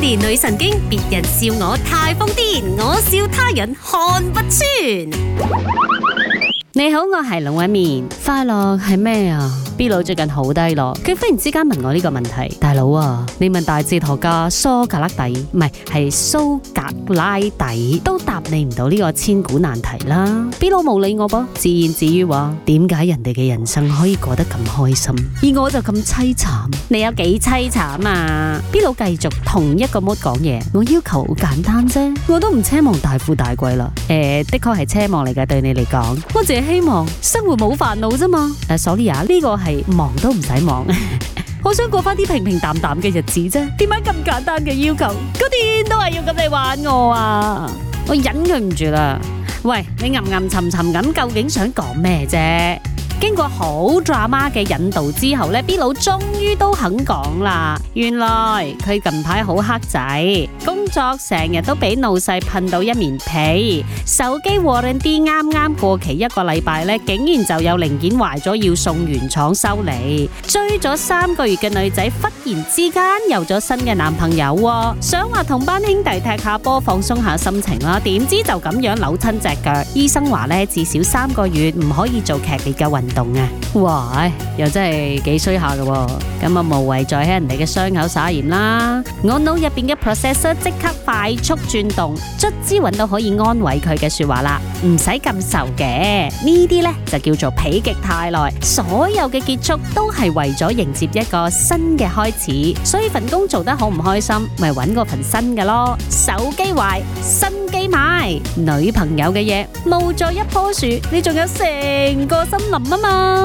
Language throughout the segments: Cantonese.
女神經，別人笑我太瘋癲，我笑他人看不穿。你好，我係龍紋敏，快樂係咩啊？B 佬最近好低落，佢忽然之間問我呢個問題，大佬啊，你問大哲學家蘇格拉底，唔係，係蘇格拉底，都答你唔到呢個千古難題啦。B 佬冇理我噃，自言自語話，點解人哋嘅人生可以過得咁開心，而我就咁淒慘？你有幾淒慘啊？B 佬繼續同一個模講嘢，我要求好簡單啫，我都唔奢望大富大貴啦。誒、呃，的確係奢望嚟嘅，對你嚟講，我淨係希望生活冇煩惱啫嘛。誒、uh，sorry 啊，呢個。係忙都唔使忙，好 想過翻啲平平淡淡嘅日子啫。點解咁簡單嘅要求，個天都係要咁嚟玩我啊！我忍佢唔住啦。喂，你吟吟沉沉咁，究竟想講咩啫？經過好 drama 嘅引導之後呢，B 佬終於都肯講啦。原來佢近排好黑仔，工作成日都俾老細噴到一面皮，手機 warranty 啱啱過期一個禮拜呢，竟然就有零件壞咗要送原廠修理。追咗三個月嘅女仔忽然之間有咗新嘅男朋友，想話同班兄弟踢下波放鬆下心情啦，點知就咁樣扭親隻腳，醫生話呢，至少三個月唔可以做劇烈嘅運動啊！哇，又真係幾衰下嘅，咁啊無謂再喺人哋嘅傷口撒鹽啦！我腦入邊嘅 processor 即刻快速轉動，卒之搵到可以安慰佢嘅說話啦，唔使咁愁嘅。呢啲呢就叫做否極泰來，所有嘅結束都係為咗迎接一個新嘅開始。所以份工做得好唔開心，咪搵個份新嘅咯。手機壞，新機買；女朋友嘅嘢，冇咗一棵樹，你仲有成個森林啊！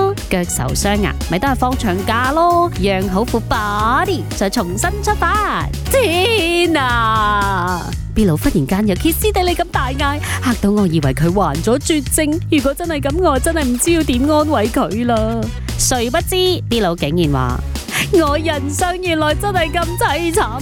嘛，腳受傷啊，咪都係放長假咯，養好副 body 再重新出發。天啊！B 佬忽然間又歇斯底里咁大嗌，嚇到我以為佢患咗絕症。如果真係咁，我真係唔知要點安慰佢啦。誰不知 B 佬竟然話：我人生原來真係咁淒慘。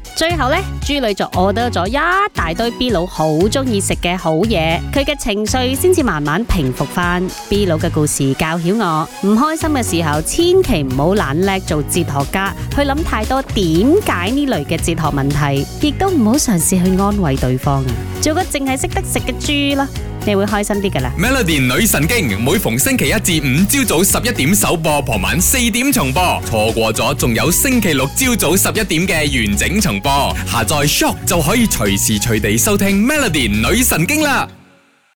最後呢豬女就 order 咗一大堆 B 佬好中意食嘅好嘢，佢嘅情緒先至慢慢平復翻。B 佬嘅故事教曉我，唔開心嘅時候，千祈唔好懶叻做哲學家，去諗太多點解呢類嘅哲學問題，亦都唔好嘗試去安慰對方。做個淨係識得食嘅豬啦，你會開心啲噶啦。Melody 女神經每逢星期一至五朝早十一點首播，傍晚四點重播，錯過咗仲有星期六朝早十一點嘅完整重播。下載 Shock 就可以隨時隨地收聽 Melody 女神經啦。